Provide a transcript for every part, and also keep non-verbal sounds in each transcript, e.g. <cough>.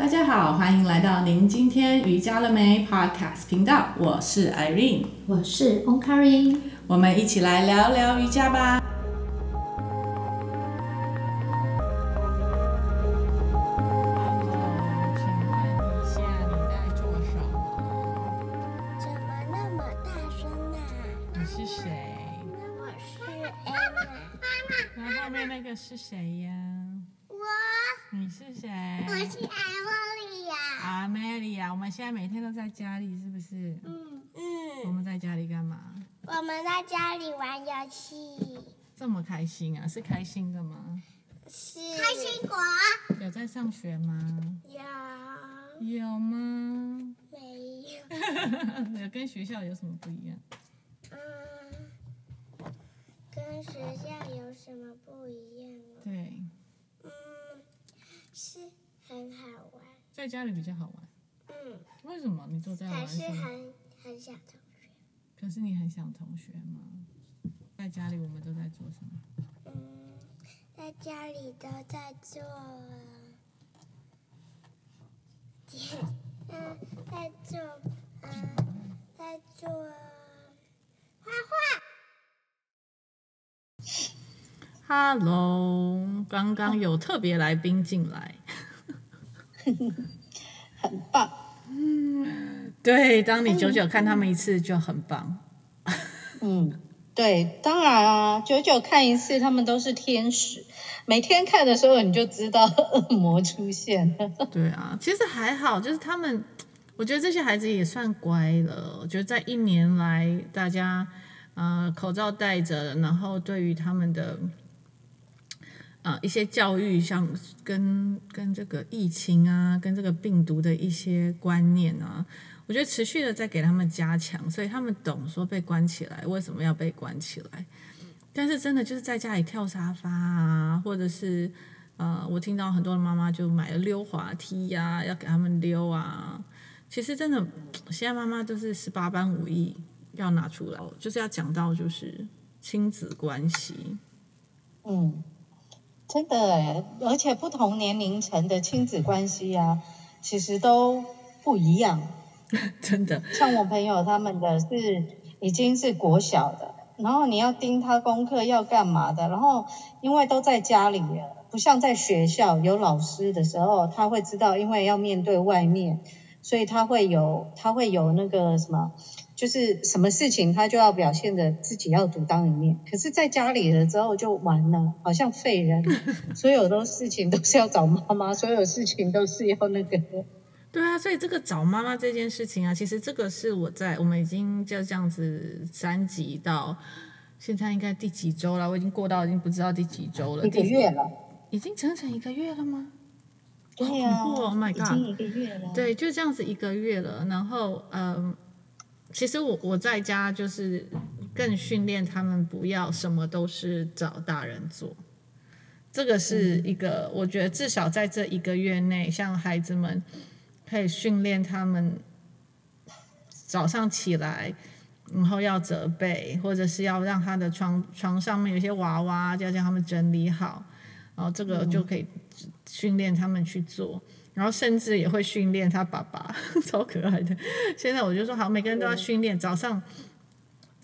大家好，歡迎來到您今天瑜伽了沒 Podcast 頻道，我是 Irene，我是 OmKari，我們一起來聊聊瑜伽吧。每天都在家裡，是不是？嗯，嗯。我們在家裡幹嘛？我們在家裡玩遊戲。這麼開心啊！是開心的嗎？是。開心果。有在上學嗎？有。有嗎？沒有， <laughs> 有，跟學校有什麼不一樣？嗯。跟學校有什麼不一樣？跟學校有什麼不一樣嗎？對。嗯，是很好玩。在家裡比較好玩。為什麼你坐在？還是很很想同學。可是你很想同學嗎？在家裡我們都在做什麼？嗯，在家裡都在做。嗯，啊，在做，啊，在做畫畫。Hello，剛剛有特別來賓進來， <laughs> <laughs> 很棒。嗯，對，當你久久看他們一次就很棒。嗯，對，當然啊，久久看一次，他們都是天使。每天看的時候，你就知道惡魔出現了。對啊，其實還好，就是他們，我覺得這些孩子也算乖了。我覺得在一年來，大家，呃，口罩戴着，然後對於他們的。啊、呃，一些教育像跟跟這個疫情啊，跟這個病毒的一些觀念啊，我覺得持續的在給他們加強，所以他們懂說被關起來，為什麼要被關起來。但是真的就是在家裡跳沙發啊，或者是、呃、我聽到很多的媽媽就買了溜滑梯呀，啊，要給他們溜啊。其實真的現在媽媽都是十八般武藝要拿出來，就是要講到就是親子關係，哦、嗯。真的，而且不同年齡層的親子關係啊，其實都不一樣。 <laughs> 真的，像我朋友他們的是已經是國小的，然後你要盯他功課要幹嘛的，然後因為都在家裡了，不像在學校有老師的時候，他會知道，因為要面對外面，所以他會有他會有那個什麼。就是什麼事情他就要表現的自己要獨當一面，可是在家裡了之後就完了，好像廢人， <laughs> 所有的事情都是要找媽媽，所有事情都是要那個。對啊，所以這個找媽媽這件事情啊，其實這個是我在我們已經就這樣子三級到現在應該第幾週了？我已經過到已經不知道第幾週了，一個月了，已經整整一個月了嗎？對呀，哦，Oh my god，已經一個月了。對，就這樣子一個月了，然後嗯。其實我我在家就是更訓練他們不要什麼都是找大人做，這個是一個、嗯、我覺得至少在這一個月內，像孩子們可以訓練他們早上起來，然後要摺被，或者是要讓他的床床上面有些娃娃，就要叫他們整理好，然後這個就可以訓練他們去做。嗯然後甚至也會訓練他爸爸，超可愛的。現在我就說好，每個人都要訓練。早上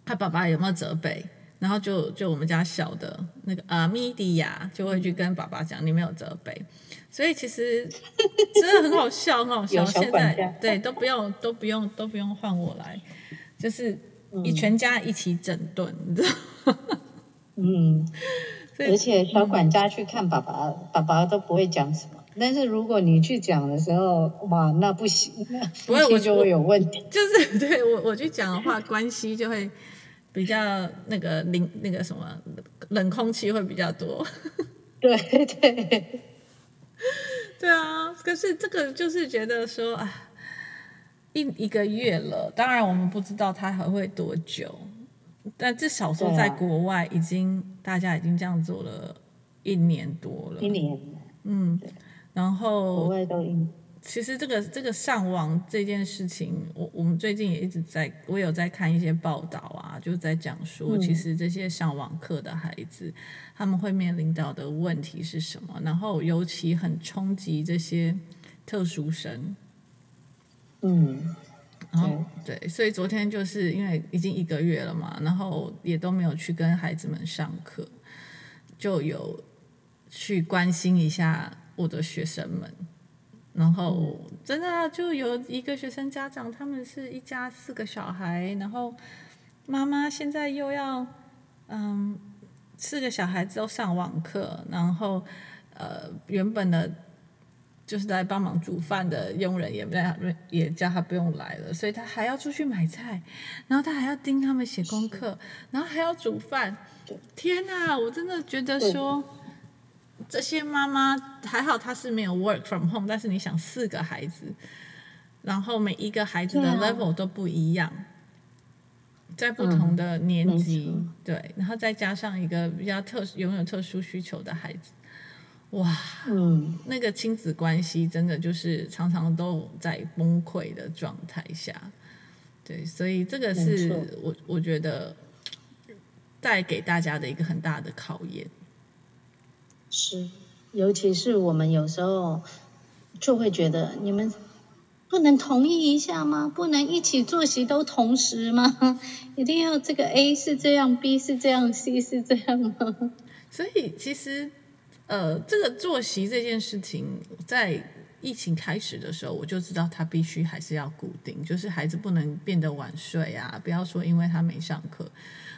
他爸爸有沒有責備？然後就就我們家小的那個阿米迪亞就會去跟爸爸講：“你沒有責備。”所以其實真的很好笑， <laughs> 很好笑。現在對都不用都不用都不用換我來，就是你全家一起整頓。你知道。嗯，而且小管家去看爸爸，爸爸都不會講什麼。但是如果你去講的時候，哇，那不行，那關係就會有問題。是就是對我我去講的話， <laughs> 關係就會比較那個冷，那個什麼冷空氣會比較多。 <laughs> 對對，對啊。可是這個就是覺得說啊，一一個月了，當然我們不知道它還會多久，但這至少說在國外已經、啊、大家已經這樣做了一年多了。一年。嗯。對然後，其實這個這個上網這件事情，我我們最近也一直在，我有在看一些報道啊，就在講說，其實這些上網課的孩子，他們會面臨到的問題是什麼？然後尤其很衝擊這些特殊生。嗯，對。然後對，所以昨天就是因為已經一個月了嘛，然後也都沒有去跟孩子們上課，就有去關心一下。我的學生們，然後真的、啊、就有一個學生家長，他們是一家四個小孩，然後媽媽現在又要嗯，四個小孩子都上網課，然後呃原本的，就是來幫忙煮飯的傭人也不在，也叫他不用來了，所以他還要出去買菜，然後他還要盯他們寫功課，然後還要煮飯，天哪，我真的覺得說。哦這些媽媽還好，她是沒有 work from home，但是你想四個孩子，然後每一個孩子的 level 都不一樣，啊、在不同的年級，嗯、對，然後再加上一個比較特殊、擁有特殊需求的孩子，哇，嗯、那個親子關係真的就是常常都在崩潰的狀態下，對，所以這個是我、我覺得帶給大家的一個很大的考驗。是，尤其是我們有時候就會覺得你們不能同意一下嗎？不能一起作息都同時嗎？一定要這個 A 是這樣，B 是這樣，C 是這樣嗎？所以其實，呃，這個作息這件事情，在疫情開始的時候，我就知道它必須還是要固定，就是孩子不能變得晚睡啊，不要說因為他沒上課。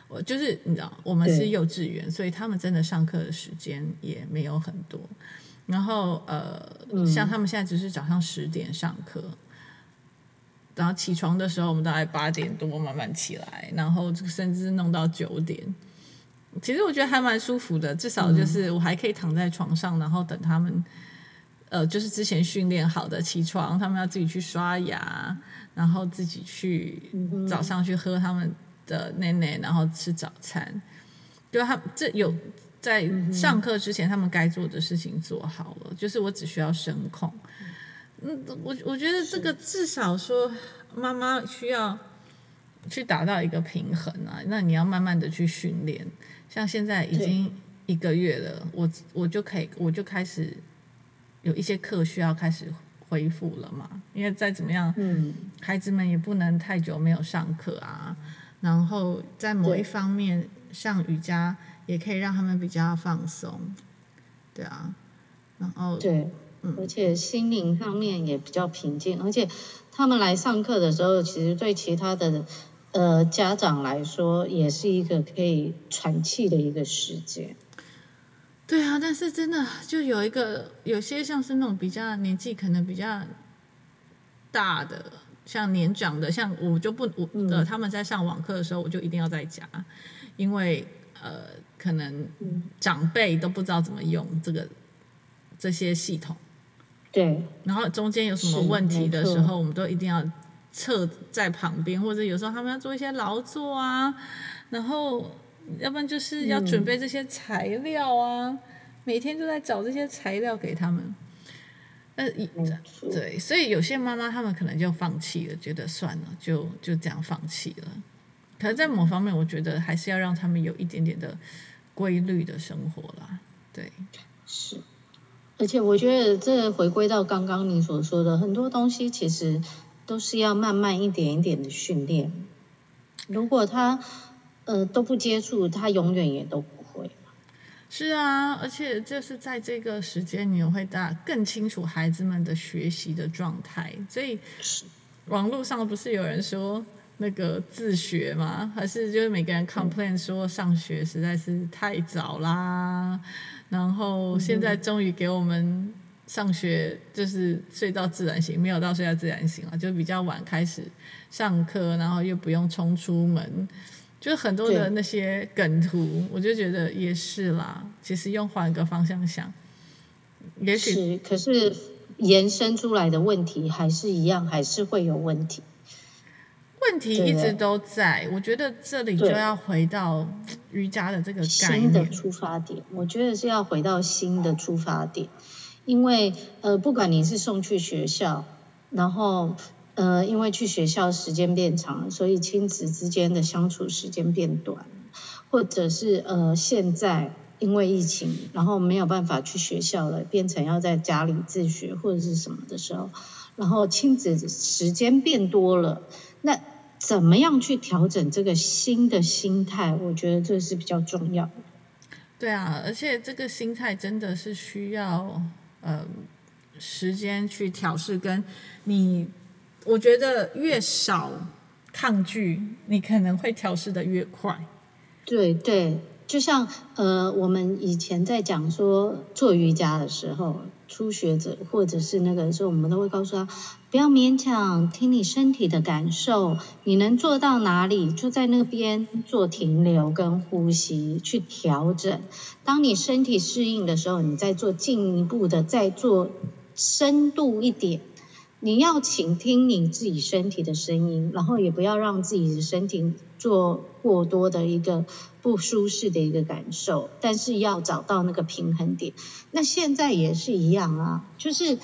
我就是你知道，我們是幼稚園，對 所以他們真的上課的時間也沒有很多。然後呃，像他們現在只是早上十點上課，然後起床的時候我們大概八點多慢慢起來，然後甚至弄到九點。其實我覺得還蠻舒服的，至少就是我還可以躺在床上，然後等他們，呃，就是之前訓練好的起床，他們要自己去刷牙，然後自己去早上去喝他們。的奶奶，然後吃早餐，就他這有在上課之前，他們該做的事情做好了，mm hmm. 就是我只需要聲控。嗯、mm，hmm. 我我覺得這個至少說媽媽需要去達到一個平衡啊。那你要慢慢的去訓練，像現在已經一個月了，我我就可以我就開始有一些課需要開始恢復了嘛。因為再怎麼樣，mm hmm. 孩子們也不能太久沒有上課啊。然後在某一方面，像對瑜伽，也可以讓他們比較放鬆，對啊，然後對，嗯、而且心靈上面也比較平靜。而且他們來上課的時候，其實對其他的呃家長來說，也是一個可以喘氣的一個時間。對啊，但是真的就有一個有些像是那種比較年紀可能比較大的。像年長的，像我就不，我呃，他們在上網課的時候，我就一定要在家，嗯、因為呃，可能長輩都不知道怎麼用這個這些系統。對。然後中間有什麼問題的時候，我們都一定要坐在旁邊，或者有時候他們要做一些勞作啊，然後要不然就是要準備這些材料啊，嗯、每天都在找這些材料給他們。但一，沒錯，對，所以有些媽媽她們可能就放棄了，覺得算了，就就這樣放棄了。可是在某方面，我覺得還是要讓他們有一點點的規律的生活啦。對，是。而且我覺得這回歸到剛剛你所說的，很多東西其實都是要慢慢一點一點的訓練。如果他呃都不接觸，他永遠也都不。是啊，而且就是在這個時間，你會大更清楚孩子們的學習的狀態。所以網絡上不是有人說那個自學嘛，還是就是每個人 complain 說上學實在是太早啦。嗯。然後現在終於給我們上學，就是睡到自然醒，沒有到睡到自然醒啊，就比較晚開始上課，然後又不用衝出門。就很多的那些梗圖，對我就覺得也是啦。其實用換個方向想，是也許許可是延伸出來的問題還是一樣，還是會有問題。問題一直都在。對我覺得這裡就要回到瑜伽的這個概念。新的出發點。我覺得是要回到新的出發點，哦、因為呃，不管你是送去學校，然後。呃，因為去學校時間變長，所以親子之間的相處時間變短，或者是呃，現在因為疫情，然後沒有辦法去學校了，變成要在家裡自學或者是什麼的時候，然後親子的時間變多了，那怎麼樣去調整這個新的心態？我覺得這是比較重要的。對啊，而且這個心態真的是需要呃時間去調適，跟你。我覺得越少抗拒，你可能會調試得越快。對對，就像呃，我們以前在講說做瑜伽的時候，初學者或者是那個時候，我們都會告訴他，不要勉強，聽你身體的感受，你能做到哪裡就在那邊做停留跟呼吸去調整。當你身體適應的時候，你再做進一步的，再做深度一點。你要傾聽你自己身體的聲音，然後也不要讓自己的身體做過多的一個不舒適的一個感受，但是要找到那個平衡點。那現在也是一樣啊，就是，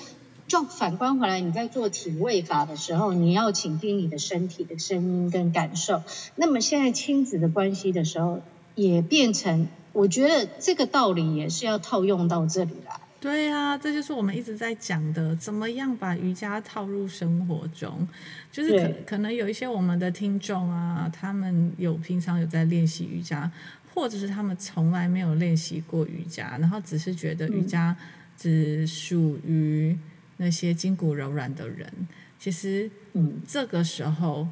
就反觀回來，你在做體位法的時候，你要傾聽你的身體的聲音跟感受。那麼現在親子的關係的時候，也變成，我覺得這個道理也是要套用到這裡來。對啊，這就是我們一直在講的，怎麼樣把瑜伽套入生活中。就是可對可能有一些我們的聽眾啊，他們有平常有在練習瑜伽，或者是他們從來沒有練習過瑜伽，然後只是覺得瑜伽只屬於那些筋骨柔軟的人。其實，嗯，這個時候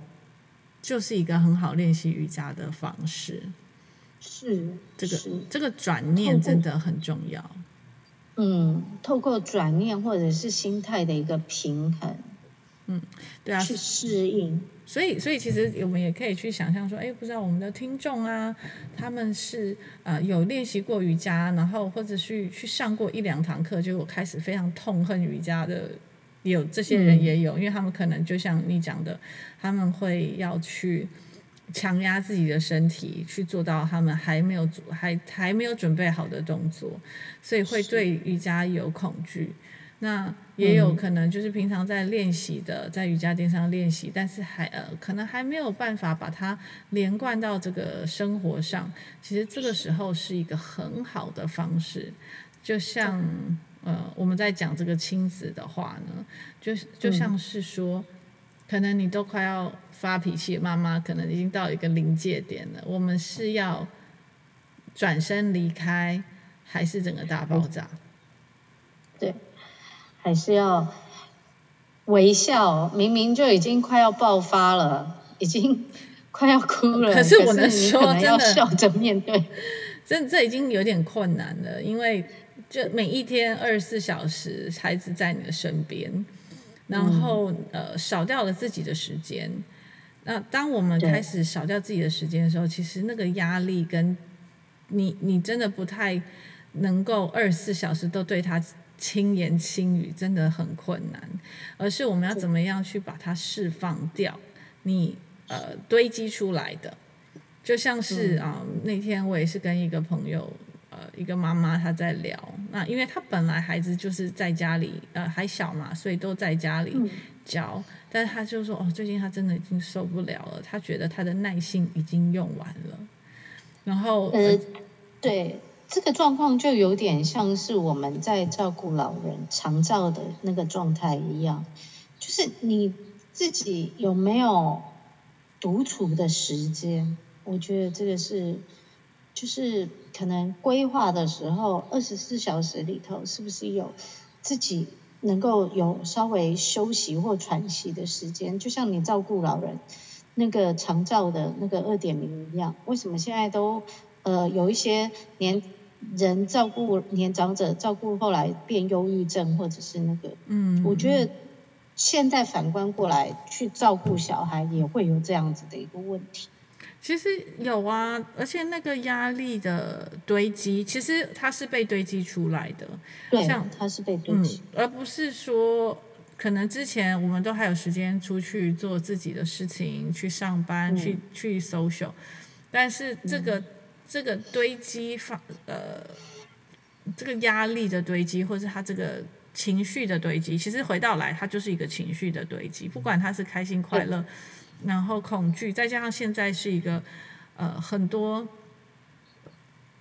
就是一個很好練習瑜伽的方式。是。這個是這個轉念真的很重要。嗯，透過轉念或者是心態的一個平衡，嗯，對啊，去適應。所以，所以其實我們也可以去想象說，哎，不知道我們的聽眾啊，他們是啊、呃，有練習過瑜伽，然後或者是去，去上過一兩堂課，就我開始非常痛恨瑜伽的，也有這些人也有，嗯、因為他們可能就像你講的，他們會要去。強壓自己的身體去做到他們還沒有做還還沒有準備好的動作，所以會對瑜伽有恐懼。那也有可能就是平常在練習的，嗯、在瑜伽墊上練習，但是還呃可能還沒有辦法把它連貫到這個生活上。其實這個時候是一個很好的方式，就像呃我們在講這個親子的話呢，就就像是說。嗯可能你都快要發脾氣，媽媽可能已經到一個臨界點了。我們是要轉身離開，還是整個大爆炸？嗯，對，還是要微笑？明明就已經快要爆發了，已經快要哭了。可是我能說，能要笑着面對，真的這這已經有點困難了。因為就每一天二十四小時，孩子在你的身邊。然後，呃，少掉了自己的時間。那當我們開始少掉自己的時間的時候，對其實那個壓力跟你，你真的不太能夠二十四小時都對他輕言輕語，真的很困難。而是我們要怎麼樣去把它釋放掉？你呃堆積出來的，就像是啊、嗯呃，那天我也是跟一個朋友。呃，一個媽媽她在聊，那因為她本來孩子就是在家裡，呃，還小嘛，所以都在家裡教。嗯、但是她就說，哦，最近她真的已經受不了了，她覺得她的耐心已經用完了。然後，呃，對這個狀況就有點像是我們在照顧老人長照的那個狀態一樣，就是你自己有沒有獨處的時間？我覺得這個是。就是可能規劃的時候，二十四小時裡頭是不是有自己能夠有稍微休息或喘息的時間？就像你照顧老人那個長照的那個二點零一樣，為什麼現在都呃有一些年人照顧年長者，照顧後來變憂鬱症或者是那個？嗯，嗯，我覺得現在反觀過來，去照顧小孩也會有這樣子的一個問題。其實有啊，而且那個壓力的堆積，其實它是被堆積出來的，對像它是被堆積，嗯，而不是說可能之前我們都還有時間出去做自己的事情，去上班，嗯、去去 social，但是這個、嗯、這個堆積發呃，這個壓力的堆積，或者他這個情緒的堆積，其實回到來，它就是一個情緒的堆積，不管他是開心快樂。然後恐懼，再加上現在是一個，呃，很多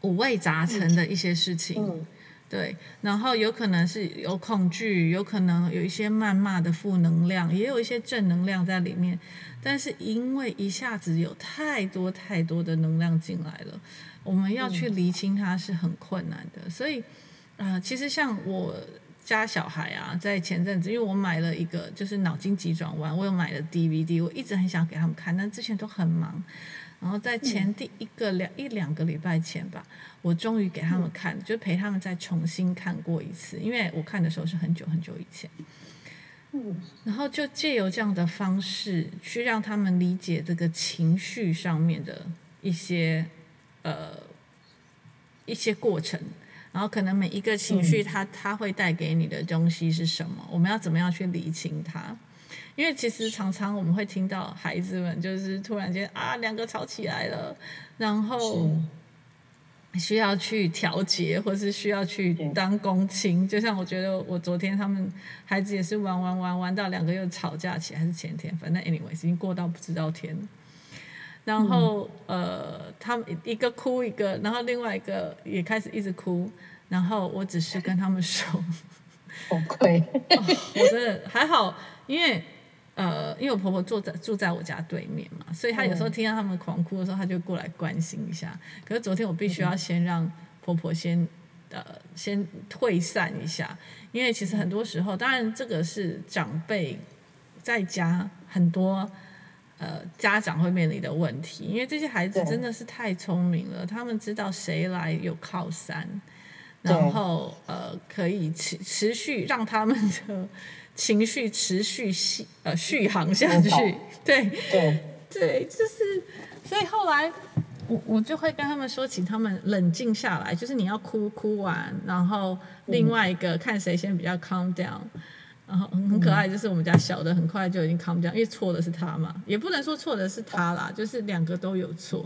五味雜陳的一些事情，嗯、對。然後有可能是有恐懼，有可能有一些謾罵的負能量，也有一些正能量在裡面。但是因為一下子有太多太多的能量進來了，我們要去理清它是很困難的。嗯、所以啊、呃，其實像我。家小孩啊，在前陣子，因為我買了一個就是腦筋急轉彎，我有買了 DVD，我一直很想給他們看，但之前都很忙。然後在前第一個兩、嗯、一兩個禮拜前吧，我終於給他們看，嗯、就陪他們再重新看過一次。因為我看的時候是很久很久以前。嗯、然後就借由這樣的方式去讓他們理解這個情緒上面的一些呃一些過程。然後可能每一個情緒，它它是會帶給你的東西是什麼？我們要怎麼樣去理清它？因為其實常常我們會聽到孩子們就是突然間啊，兩個吵起來了，然後需要去調節，或是需要去當公親。就像我覺得我昨天他們孩子也是玩玩玩玩，到兩個又吵架起來，還是前天，反正 anyways 已經過到不知道天。然後，嗯、呃，他們一個哭一個，然後另外一個也開始一直哭，然後我只是跟他們說，崩潰。我真的還好，因為呃，因為我婆婆坐在住在我家對面嘛，所以她有時候聽到他們狂哭的時候，對她就過來關心一下。可是昨天我必須要先讓婆婆先對呃先退散一下，因為其實很多時候，嗯、當然這個是長輩在家很多。呃，家長會面臨的問題，因為這些孩子真的是太聰明了，對他們知道誰來有靠山，然後對呃，可以持持續讓他們的情緒持續續呃續航下去。對對對，對，就是，所以後來我我就會跟他們說，請他們冷靜下來，就是你要哭哭完，然後另外一個、嗯、看誰先比較 calm down。很很可愛，就是我們家小的很快就已經 calm down 因為錯的是他嘛，也不能說錯的是他啦，就是兩個都有錯。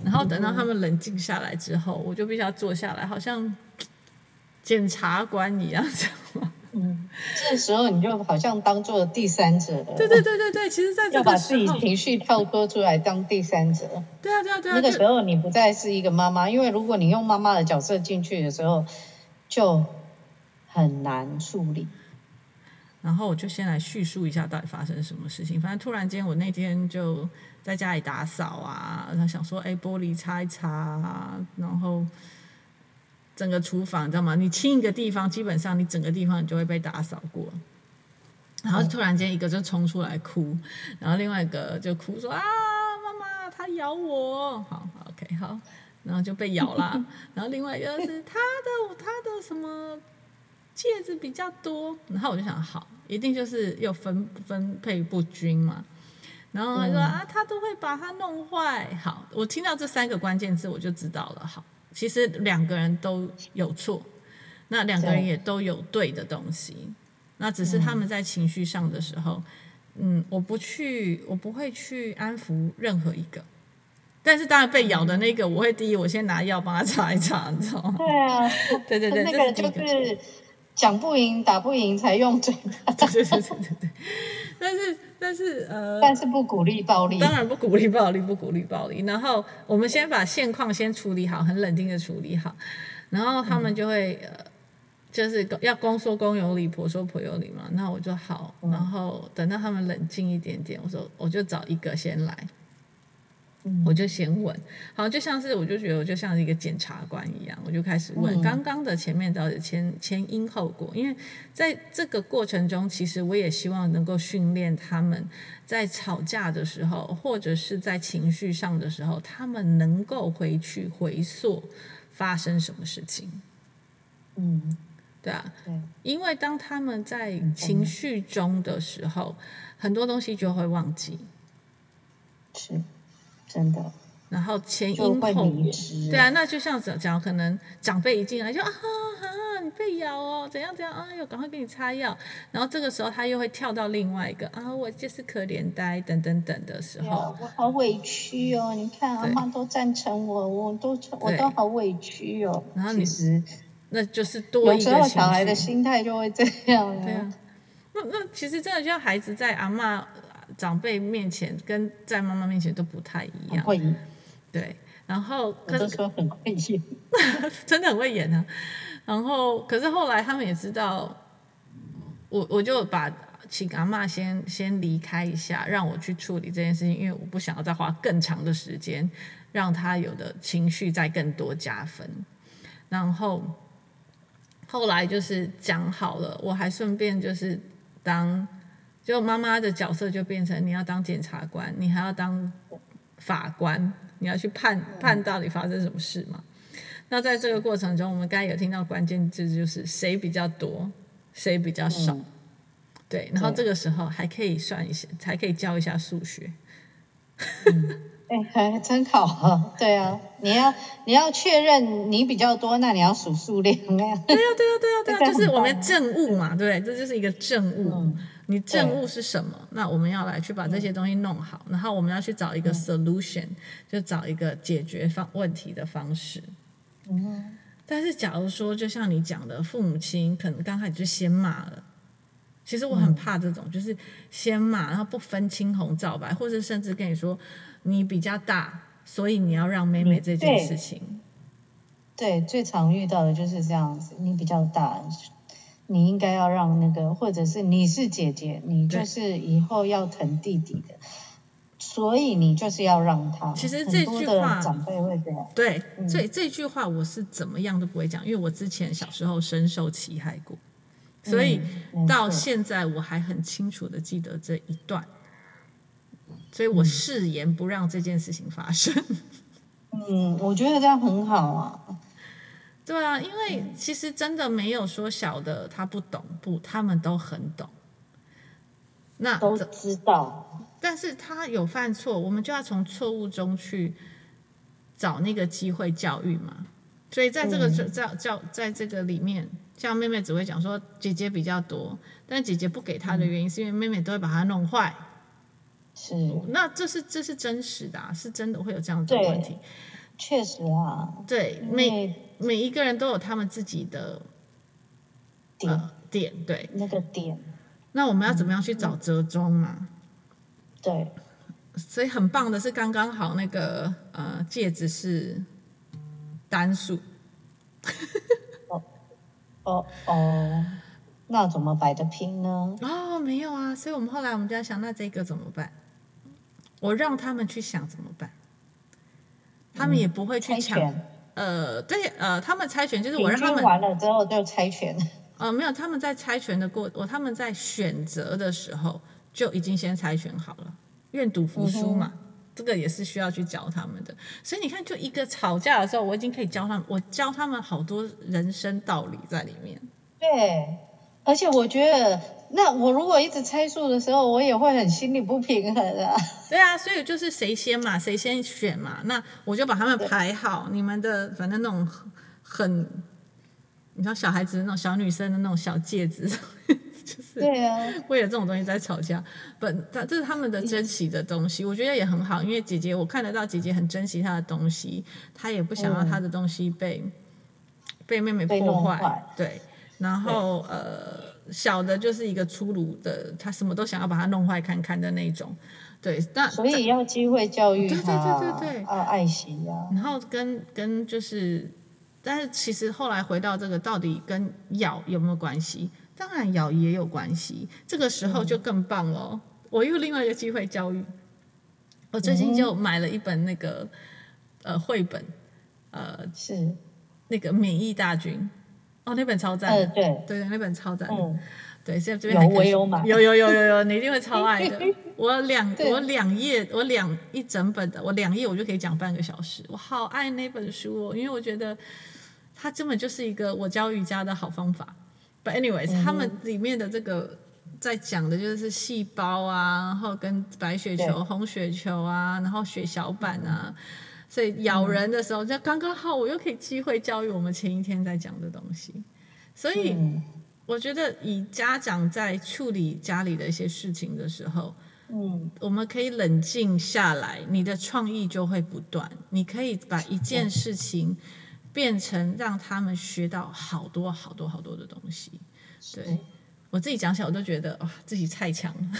嗯、然後等到他們冷靜下來之後，我就必須要坐下來，好像檢察官一樣，這樣嗎？嗯、這時候你就好像當做第三者了。對對對對對，其實在這要把自己情緒跳脫出來當第三者。對啊對啊對啊，那個時候你不再是一個媽媽，就因為如果你用媽媽的角色進去的時候，就很難處理。然後我就先來敘述一下到底發生什麼事情。反正突然間，我那天就在家裡打掃啊，他想說，哎，玻璃擦一擦啊，然後整個廚房，你知道嗎？你清一個地方，基本上你整個地方你就會被打掃過。然後突然間，一個就衝出來哭，然後另外一個就哭說啊，媽媽，它咬我。好，OK，好，然後就被咬了。然後另外一個是它的，它的，的什麼？戒指比較多，然後我就想，好，一定就是又分分配不均嘛。然後他說、嗯、啊，他都會把它弄壞。好，我聽到這三個關鍵字，我就知道了。好，其實兩個人都有錯，那兩個人也都有對的東西，所以，那只是他們在情緒上的時候，嗯，嗯，我不去，我不會去安撫任何一個。但是當然被咬的那個，嗯、我會第一，我先拿藥幫他擦一擦，你知道嗎？對啊， <laughs> 對對對，這、就是、第一個，那個就是講不贏，打不贏，才用嘴巴。對 <laughs> 對對對對。但是但是呃，但是不鼓勵暴力。當然不鼓勵暴力，不鼓勵暴力。然後我們先把現況先處理好，很冷靜的處理好。然後他們就會、嗯、呃，就是要公說公有理，婆說婆有理嘛。那我就好。然後等到他們冷靜一點點，我說我就找一個先來。我就先問，好，就像是我就覺得我就像一個檢察官一樣，我就開始問、嗯、剛剛的前面到底前前因後果，因為在這個過程中，其實我也希望能夠訓練他們在吵架的時候，或者是在情緒上的時候，他們能夠回去回溯發生什麼事情。嗯，對啊，嗯、因為當他們在情緒中的時候，很多東西就會忘記。是。真的，然後前因後果，對啊，那就像講講，可能長輩一進來就啊哈哈、啊，你被咬哦，怎樣怎樣，哎呦，趕快給你擦藥。然後這個時候他又會跳到另外一個啊，我就是可憐呆，等等等的時候，啊、我好委屈哦，你看阿對、啊、媽都贊成我，我都對我都好委屈哦。然後其實那就是多一個有時候小孩的心態就會這樣、啊，對啊，那那其實真的像孩子在阿、啊、媽。長輩面前跟在媽媽面前都不太一樣，會對，然後可是 <laughs> 真的很會演，真的很會演呢。然後可是後來他們也知道，我我就把請阿媽先先離開一下，讓我去處理這件事情，因為我不想要再花更長的時間，讓她有的情緒再更多加分。然後後來就是講好了，我還順便就是當。就媽媽的角色就變成你要當檢察官，你還要當法官，你要去判判到底發生什麼事嘛。啊、那在這個過程中，我們剛才有聽到關鍵字就是誰比較多，誰比較少，嗯、對，然後這個時候還可以算一下，才可以教一下數學。哎、嗯， <laughs> 真好啊、哦！對啊，你要你要確認你比較多，那你要數數量。 <laughs> 對啊，對啊，對啊，對啊，就是我們證物嘛，對不對？這就是一個證物。嗯你政務是什麼？對那我們要來去把這些東西弄好，嗯、然後我們要去找一個 solution，、嗯、就找一個解決方問題的方式。嗯、哼但是假如說，就像你講的，父母親可能剛開始就先罵了。其實我很怕這種，嗯、就是先罵，然後不分青紅皂白，或是甚至跟你說你比較大，所以你要讓妹妹這件事情、嗯對。對，最常遇到的就是這樣子，你比較大。你應該要讓那個，或者是你是姐姐，你就是以後要疼弟弟的，對所以你就是要讓他。其實這句話長輩會這樣，對，嗯、所以這句話我是怎麼樣都不會講，因為我之前小時候深受其害過，所以到現在我還很清楚的記得這一段，所以我誓言不讓這件事情發生。嗯，我覺得這樣很好啊。對啊，因為其實真的沒有說小的他不懂，不，他們都很懂，那都知道，但是他有犯錯，我們就要從錯誤中去找那個機會教育嘛。所以在這個教教、嗯、在，在，在這個裡面，像妹妹只會講說姐姐比較多，但姐姐不給她的原因是因為妹妹都會把他弄壞。嗯、是、哦，那這是這是真實的、啊，是真的會有這樣子的問題。確實啊，對，為每每一個人都有他們自己的點、呃、點，對，那個點。那我們要怎麼樣去找折中嘛？對、嗯，所以很棒的是，剛剛好那個呃戒指是單數。 <laughs> 哦哦哦，那怎麼擺得平呢？哦，沒有啊，所以我們後來我們就在想，那這個怎麼辦？我讓他們去想怎麼辦。他們也不會去搶，拳呃，對，呃，他們猜拳就是我讓他們完了之後就猜拳哦、呃，沒有，他們在猜拳的過，他們在選擇的時候就已經先猜拳好了，願賭服輸嘛，嗯、哼這個也是需要去教他們的。所以你看，就一個吵架的時候，我已經可以教他們，我教他們好多人生道理在裡面。對，而且我覺得。那我如果一直猜數的時候，我也會很心裡不平衡啊。對啊，所以就是誰先嘛，誰先選嘛。那我就把他們排好。對你們的反正那種很，你像小孩子那種小女生的那種小戒指，呵呵就是對啊，為了這種東西在吵架。本、啊，But, 這是他們的珍惜的東西，我覺得也很好。因為姐姐，我看得到姐姐很珍惜她的東西，她也不想要她的東西被、嗯、被妹妹破壞。對，然後對呃。小的就是一個粗魯的，他什麼都想要把它弄壞看看的那種，對，那所以要機會教育、啊，對對對對對，啊、愛惜、啊、然後跟跟就是，但是其實後來回到這個，到底跟咬有沒有關係？當然咬也有關係，這個時候就更棒了。嗯、我有另外一個機會教育，我最近就買了一本那個呃繪本，呃是那個免疫大軍。哦，那本超贊的，欸、對對，那本超贊的，嗯、對，現在這邊有我有有有有有有，有有有有 <laughs> 你一定會超愛的。我兩我兩頁，我兩一整本的，我兩頁我就可以講半個小時，我好愛那本書哦，因為我覺得它根本就是一個我教瑜伽的好方法。But anyways，他、嗯、們裡面的這個在講的就是細胞啊，然後跟白血球、對紅血球啊，然後血小板啊。所以咬人的時候，就剛剛好，我又可以機會教育我們前一天在講的東西。所以我覺得，以家長在處理家裡的一些事情的時候，嗯，我們可以冷靜下來，你的創意就會不斷。你可以把一件事情變成讓他們學到好多好多好多的東西。對我自己講起來，我都覺得哇，自己太強了，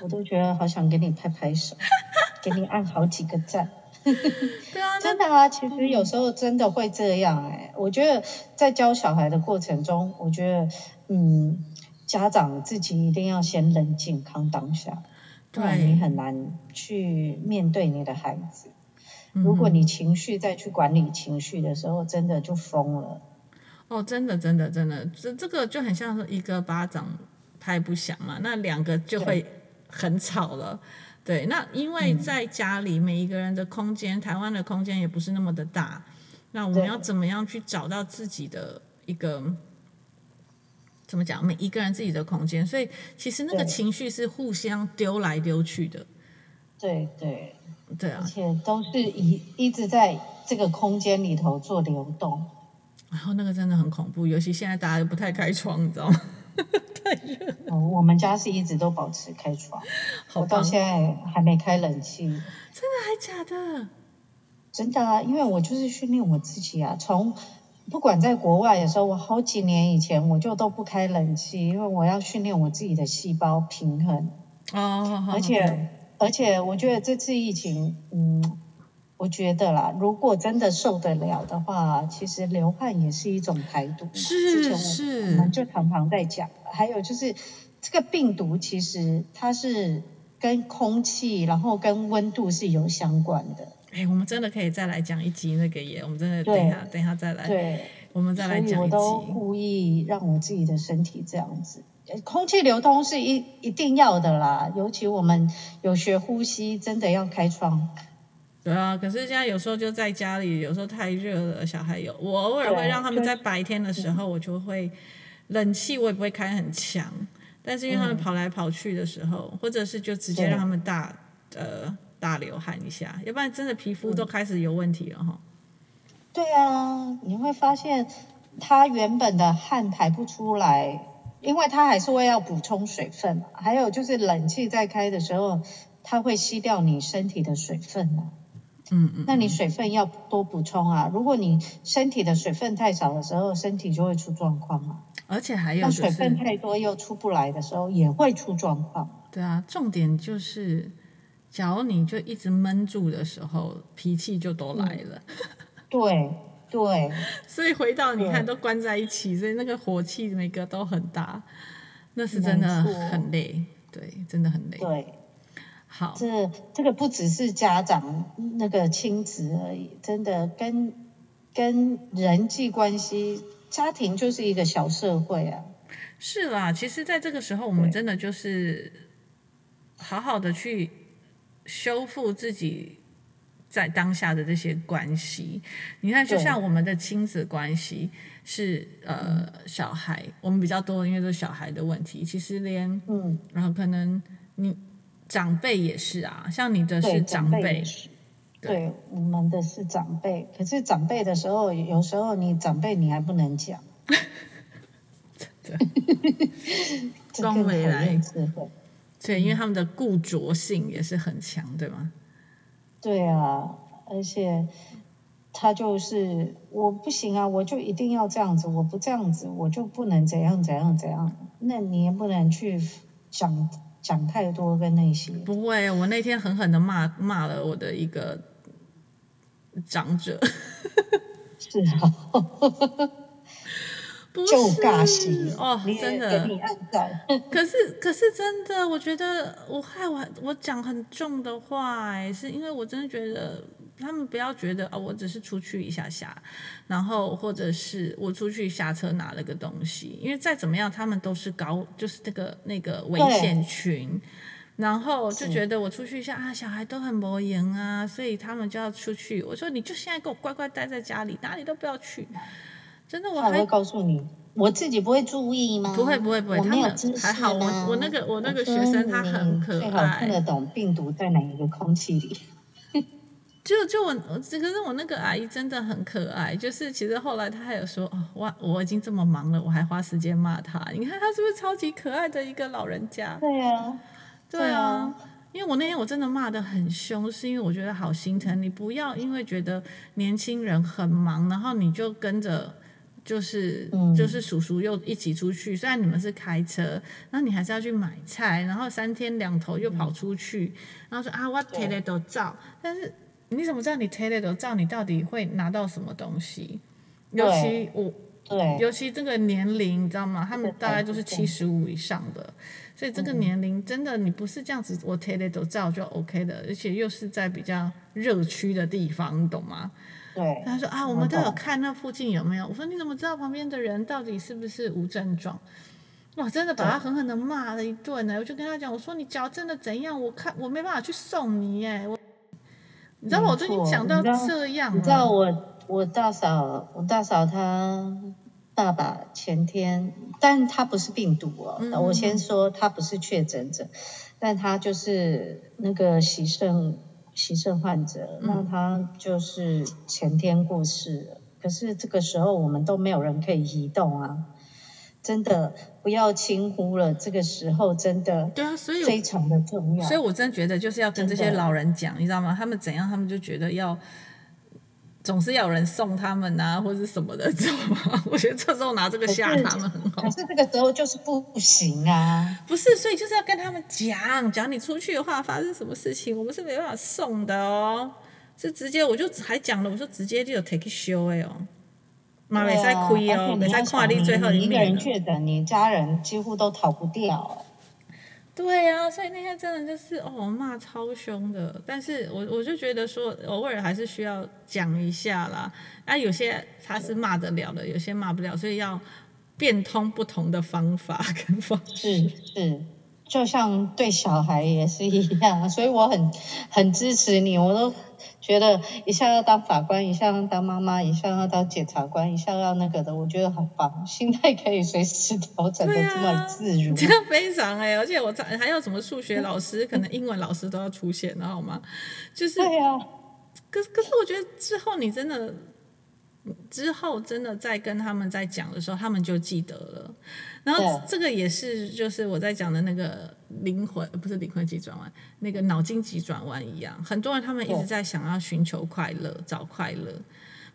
我都覺得好想給你拍拍手，給你按好幾個讚。 <laughs> 對啊，真的啊，那其實有時候真的會這樣哎、欸。嗯、我覺得在教小孩的過程中，我覺得，嗯，家長自己一定要先冷靜，看當下，對不然你很難去面對你的孩子。嗯、哼如果你情緒再去管理情緒的時候，真的就瘋了。哦，真的，真的，真的，這這個就很像是一個巴掌拍不響嘛，那兩個就會很吵了。對，那因為在家裡每一個人的空間，嗯、台灣的空間也不是那麼的大，那我們要怎麼樣去找到自己的一個對怎麼講，每一個人自己的空間？所以其實那個情緒是互相丟來丟去的，對對對啊，而且都是一一直在這個空間裡頭做流動，然後那個真的很恐怖，尤其現在大家都不太開窗，你知道嗎？ <laughs> 太熱了，我們家是一直都保持開窗，我到現在還沒開冷氣。真的還假的？真的啊，因為我就是訓練我自己啊。從不管在國外的時候，我好幾年以前我就都不開冷氣，因為我要訓練我自己的細胞平衡。啊而且，而且，我覺得這次疫情，嗯。我覺得啦，如果真的受得了的話，其實流汗也是一種排毒。是是，我們就常常在講。還有就是，這個病毒其實它是跟空氣，然後跟溫度是有相關的。哎，我們真的可以再來講一集那個耶，我們真的等一下，對等一下再來，對我們再來講一集。我都呼籲讓我自己的身體這樣子，空氣流通是一一定要的啦，尤其我們有學呼吸，真的要開窗。對啊，可是現在有時候就在家裡，有時候太熱了，小孩有我偶爾會讓他們在白天的時候，我就會冷氣我也不會開很強，但是因為他們跑來跑去的時候，嗯、或者是就直接讓他們大對呃大流汗一下，要不然真的皮膚都開始有問題了哈。對啊，你會發現他原本的汗排不出來，因為他還是會要補充水分、啊，還有就是冷氣在開的時候，它會吸掉你身體的水分呢、啊。嗯嗯，那你水分要多補充啊！如果你身體的水分太少的時候，身體就會出狀況嘛、啊。而且還有、就是，水分太多又出不來的時候，也會出狀況。對啊，重點就是，假如你就一直悶住的時候，脾氣就都來了。對、嗯、對，對 <laughs> 所以回到你看，都關在一起，對所以那個火氣每個都很大，那是真的很累，沒錯對，真的很累，對。好這這個不只是家長那個親子而已，真的跟跟人際關係，家庭就是一個小社會啊。是啦，其實在這個時候，我們真的就是好好的去修復自己在當下的這些關係。你看，對就像我們的親子關係是呃，嗯、小孩我們比較多，因為都是小孩的問題。其實連嗯，然後可能你。長輩也是啊，像你的對是長輩，長輩對，對，我們的是長輩。可是長輩的時候，有時候你長輩你還不能講， <laughs> 真的，裝沒 <laughs> 來對，對，因為他們的固着性也是很強，對嗎？對啊，而且他就是我不行啊，我就一定要這樣子，我不這樣子我就不能怎樣怎樣怎樣。那你也不能去想。講太多跟那些不會，我那天狠狠的罵罵了我的一個長者， <laughs> 是啊， <laughs> 不是尬席哦，你也真的你 <laughs> 可是，可是真的，我覺得我害我我講很重的話耶，是因為我真的覺得。他們不要覺得，哦，我只是出去一下下，然後或者是我出去下車拿了個東西，因為再怎麼樣，他們都是高，就是那個那個危險群，對然後就覺得我出去一下是啊，小孩都很磨眼啊，所以他們就要出去。我說你就現在給我乖乖待在家裡，哪裡都不要去。真的，我還會告訴你，我自己不會注意嗎？不會不會不會，不會他們還好我我那個我那個學生他很可愛，最好看得懂病毒在哪一個空氣裡。就就我我可是我那個阿姨真的很可愛，就是其實後來她還有說，哦、我我已經這麼忙了，我還花時間罵她，你看她是不是超級可愛的一個老人家？對啊，對啊，對啊，因為我那天我真的罵得很凶，是因為我覺得好心疼。你不要因為覺得年輕人很忙，然後你就跟着就是、嗯、就是叔叔又一起出去，雖然你們是開車，那你還是要去買菜，然後三天兩頭又跑出去，嗯、然後說啊我天天都照，但是。你怎麼知道你貼了都照？你到底會拿到什麼東西？對尤其我，對尤其這個年齡，你知道嗎？他們大概就是七十五以上的，所以這個年齡、嗯、真的，你不是這樣子我貼了都照就 OK 的，而且又是在比較熱區的地方，懂嗎？他對說啊，我們都有看、嗯、那附近有沒有。我說你怎麼知道旁邊的人到底是不是無症狀？哇，真的把他狠狠地罵了一頓呢、啊。對我就跟他講，我說你腳真的怎樣？我看我沒辦法去送你、欸，哎，你知道我最近想到這樣，你知道我我大嫂，我大嫂她爸爸前天，但他不是病毒哦，嗯嗯，我先說他不是確診者，但他就是那個洗腎洗腎患者。那、嗯、他就是前天過世了。可是這個時候我們都沒有人可以移動啊。真的不要輕忽了，這個時候真的對啊，所以非常的重要。所以，我真的覺得就是要跟這些老人講，的你知道嗎？他們怎樣，他們就覺得要總是要有人送他們啊，或者什麼的，知道嗎？我覺得這時候拿這個嚇他們很好可。可是這個時候就是不不行啊，不是？所以就是要跟他們講，講你出去的話發生什麼事情，我們是沒辦法送的哦，是直接我就還講了，我說直接就拿去燒的哦。媽咪在虧哦，喔、你在哭。利，最後一你一個人去等，你家人幾乎都逃不掉。對啊，所以那些真的就是哦，罵超兇的，但是我我就覺得說，偶爾還是需要講一下啦。啊，有些他是罵得了的，有些罵不了，所以要變通不同的方法跟方式。是。是就像對小孩也是一樣，啊，所以我很很支持你。我都覺得一下要當法官，一下要當媽媽，一下要當檢察官，一下要那個的，我覺得很棒。心態可以隨時調整的這麼自如，啊，這樣非常哎，欸。而且我還有什麼數學老師，嗯、可能英文老師都要出現了，好嗎？就是，對呀，啊。可是可是我覺得之後你真的，之後真的在跟他們在講的時候，他們就記得了。然後這個也是，就是我在講的那個靈魂，不是靈魂急轉彎，那個腦筋急轉彎一樣。很多人他們一直在想要尋求快樂，找快樂，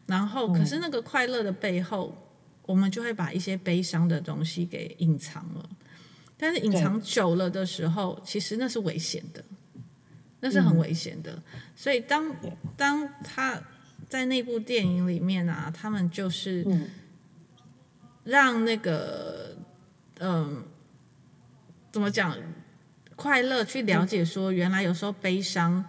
然後可是那個快樂的背後，我們就會把一些悲傷的東西給隱藏了。但是隱藏久了的時候，其實那是危險的，那是很危險的。所以當當他在那部電影裡面啊，他們就是讓那個。嗯、呃，怎麼講？快樂去了解，說原來有時候悲傷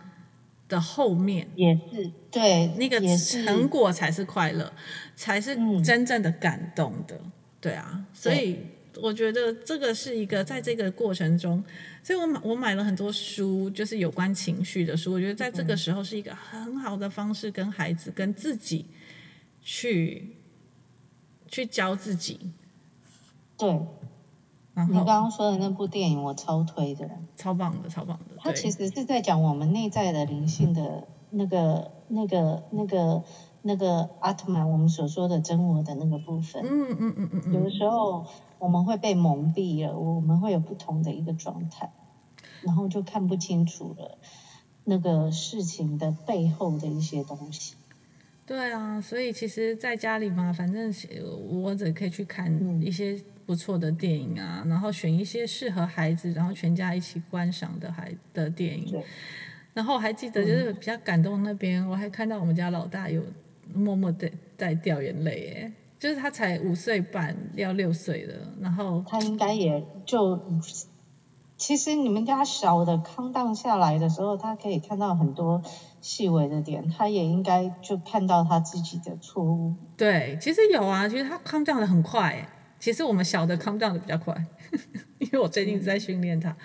的後面、嗯、也是對那個成果才是快樂，也是才是真正的感動的，嗯、對啊。所以我覺得這個是一個在這個過程中，所以我買我買了很多書，就是有關情緒的書。我覺得在這個時候是一個很好的方式，跟孩子、嗯、跟自己去去教自己。對。你剛剛說的那部電影，我超推的，超棒的，超棒的。它其實是在講我們內在的靈性的那個、嗯、那個、那個、那個阿特曼，我們所說的真我的那個部分。嗯嗯嗯嗯。嗯嗯嗯有的時候我們會被蒙蔽了，我們會有不同的一個狀態，然後就看不清楚了那個事情的背後的一些東西。對啊，所以其實，在家裡嘛，反正我只可以去看一些、嗯。不錯的電影啊，然後選一些適合孩子，然後全家一起觀賞的孩的電影。對然後還記得，就是比較感動那邊，嗯、我還看到我們家老大有默默的在掉眼淚耶，就是他才五歲半，要六歲了，然後他應該也就，其實你們家小的康蕩下來的時候，他可以看到很多細微的點，他也應該就看到他自己的錯誤。對，其實有啊，其實他康蕩的很快。其實我們小的 calm down 的比較快，因為我最近在訓練他，嗯、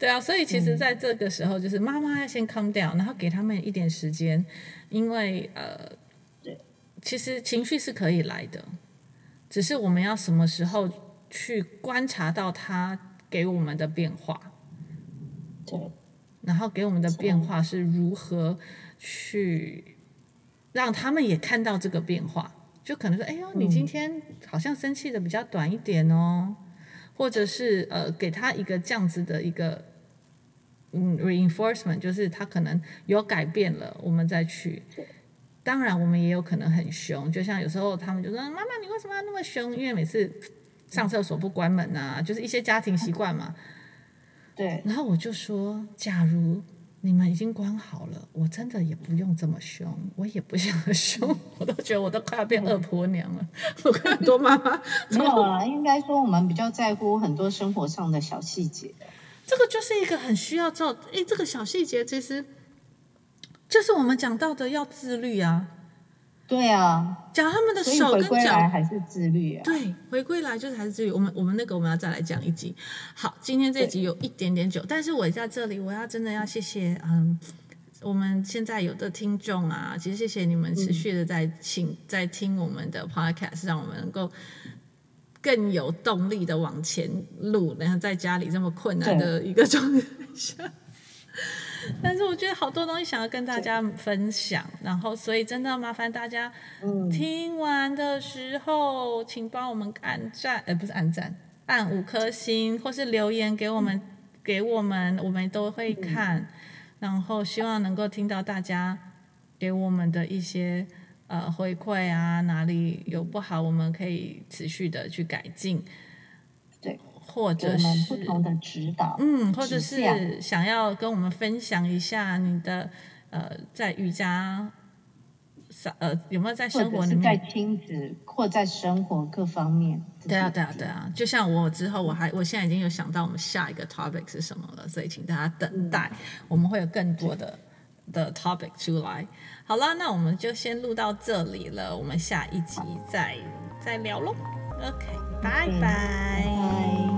對啊，所以其實在這個時候，就是媽媽要先 calm down，然後給他們一點時間，因為呃，對，其實情緒是可以來的，只是我們要什麼時候去觀察到他給我們的變化，對、嗯，然後給我們的變化是如何去讓他們也看到這個變化。就可能說，哎呦，你今天好像生氣得比較短一點哦，或者是呃，給他一個這樣子的一個嗯 reinforcement，就是他可能有改變了，我們再去。當然，我們也有可能很凶，就像有時候他們就說，媽媽你為什麼要那麼凶？因為每次上廁所不關門吶、啊，就是一些家庭習慣嘛。對。然後我就說，假如。你們已經關好了，我真的也不用這麼凶，我也不想凶，我都覺得我都快要變二婆娘了。嗯，我看很多媽媽沒有啊，應該說我們比較在乎很多生活上的小細節。這個就是一個很需要做，哎，這個小細節其實就是我們講到的要自律啊。對啊，啊講他們的手跟腳，還是自律啊。對，回歸來就是還是自律。我們我們那個我們要再來講一集。好，今天這一集有一點點久，對但是我在這裡，我要真的要謝謝嗯，我們現在有的聽眾啊，其實謝謝你們持續的在聽，嗯、在聽我們的 podcast，讓我們能夠更有動力的往前錄，然後在家裡這麼困難的一個狀態下。但是我覺得好多東西想要跟大家分享，然後所以真的麻煩大家聽完的時候，嗯、請幫我們按讚，而、欸、不是按讚，按五顆星或是留言給我們，嗯、給我們，我們都會看。嗯、然後希望能夠聽到大家給我們的一些呃回饋啊，哪裡有不好，我們可以持續的去改進。或者是我們不同的指導指，嗯，或者是想要跟我們分享一下你的呃，在瑜伽上，呃，有沒有在生活裡面？在親子或在生活各方面。是不是？對啊，對啊，對啊！就像我之後，我還我現在已經有想到我們下一個 topic 是什麼了，所以請大家等待，是我們會有更多的的 topic 出來。好了，那我們就先錄到這裡了，我們下一集再好再，再聊嘍。OK，拜拜 Okay. bye。